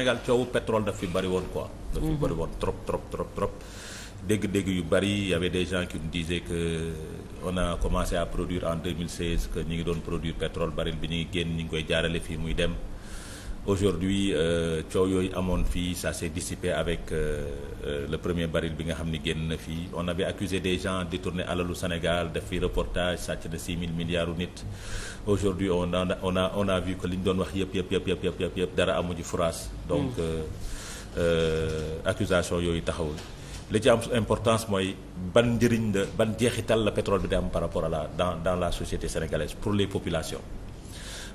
Sénégal coowu pétrole daf fi bëri woon ko daf fi woon trop trop trop trop. dégg-dégg yu bari y avait des gens qui nous disaient que on a commencé à produire en 2016 ñu ngi doon produire pétrole bari bi ñu ngi génn ñu ngi koy jaarale fii muy dem. aujourd'hui euh, coow yooyu amoon fii sa s'est dissipé avec euh, euh, le premier baril bi nga xam ni génn na fii on avait accusé des gens détourner alalu Sénégal def fi reportage sàcc na 6 mille milliards u nit aujourd'hui on a on a on a vu que li ñu doon wax yëpp yëpp yëpp yëpp yëpp yëpp dara amu ci phrase donc mm. euh, euh, accusation yooyu taxawul li ci am importance mooy ban njëriñ la ban jeexital la pétrole bi di am par rapport à la dans dans la société sénégalaise pour les populations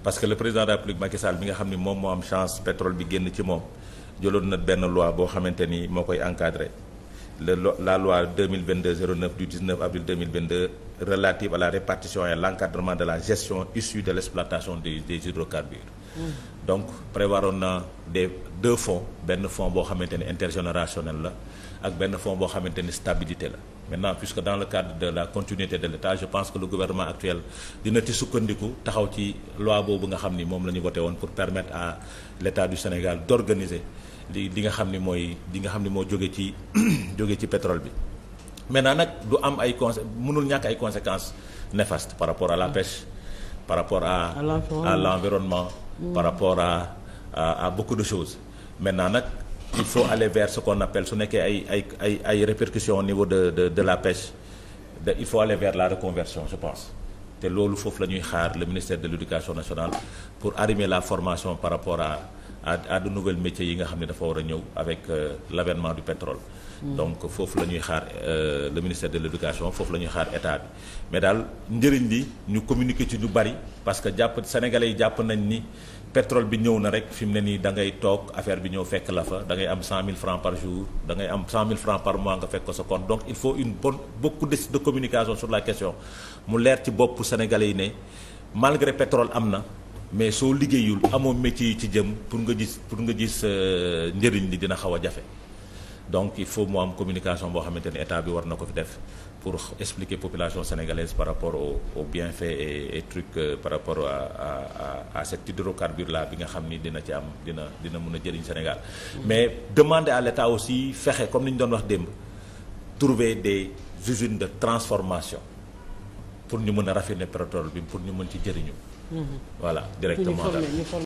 parce que le président de la République Macky Sall bi nga xam ni moom moo am chance pétrole bi génn ci moom jëloon na benn loi boo xamante ni moo koy encadré le la loi 2022-09 du 19 avril 2022 relative à la répartition et à l'encadrement de la gestion issue de l'exploitation des, des hydrocarbures mmh. donc prévoiroon na des deux fonds benn fonds boo xamante ne intergénérationnel la ak benn fonds boo xamante ne stabilité la maintenant puisque dans le cadre de la continuité de l'État je pense que le gouvernement actuel dina ci sukkandiku taxaw ci loi boobu nga xam ni moom la ñu voté woon pour permettre à l'État du Sénégal d'organiser li li nga xam ni mooy di nga xam ni moo jóge ci jóge ci pétrole bi maintenant nag du am ay conse mënul ñàkk ay conséquences néfastes par rapport à la pêche par rapport à à l'environnement mm. par rapport à à beaucoup de choses maintenant nag il faut aller vers ce qu'on su nekkee ay ay ay ay répercussions niveau de de de la pêche de il faut aller vers la reconversion je pense te loolu foofu la ñuy xaar le ministère de l'éducation nationale pour arrimer la formation par rapport à à de nouvelles métiers yi nga xam ne dafa war a ñëw avec euh, l'avènement du pétrole. Mm. donc foofu la ñuy xaar euh, le ministère de l'éducation foofu la ñuy xaar état bi mais daal njëriñ li ñu communiquer ci ñu bari parce que jàpp sénégalais yi jàpp nañ ni pétrole bi ñëw na rek fi mu ne nii dangay toog affaire bi ñëw fekk la fa da ngay am cent mille francs par jour da am cent mille francs par mois nga fekk ko sa compte donc il faut une bonne beaucoup de de communication la question mu leer ci bopp sénégalais yi ne malgré pétrole am na. mais soo liggéeyul amoo métier yu ci jëm pour nga gis pour nga gis euh, njëriñ li dina xaw a jafe donc il faut mu am communication boo xamante ne état bi war na ko fi def pour expliquer population sénégalaise par rapport au au bienfait et et truc euh, par rapport a à à cet hydrocarbure là bi nga xam ni dina ci am dina dina mun a jëriñ Sénégal. mais demander à l' état aussi fexe comme ni ñu doon wax démb trouver des usines de transformation. pour ñu mën a raffiner pétrole bi pour ñu mën ci jëriñu. Mm-hmm. voilà directement daal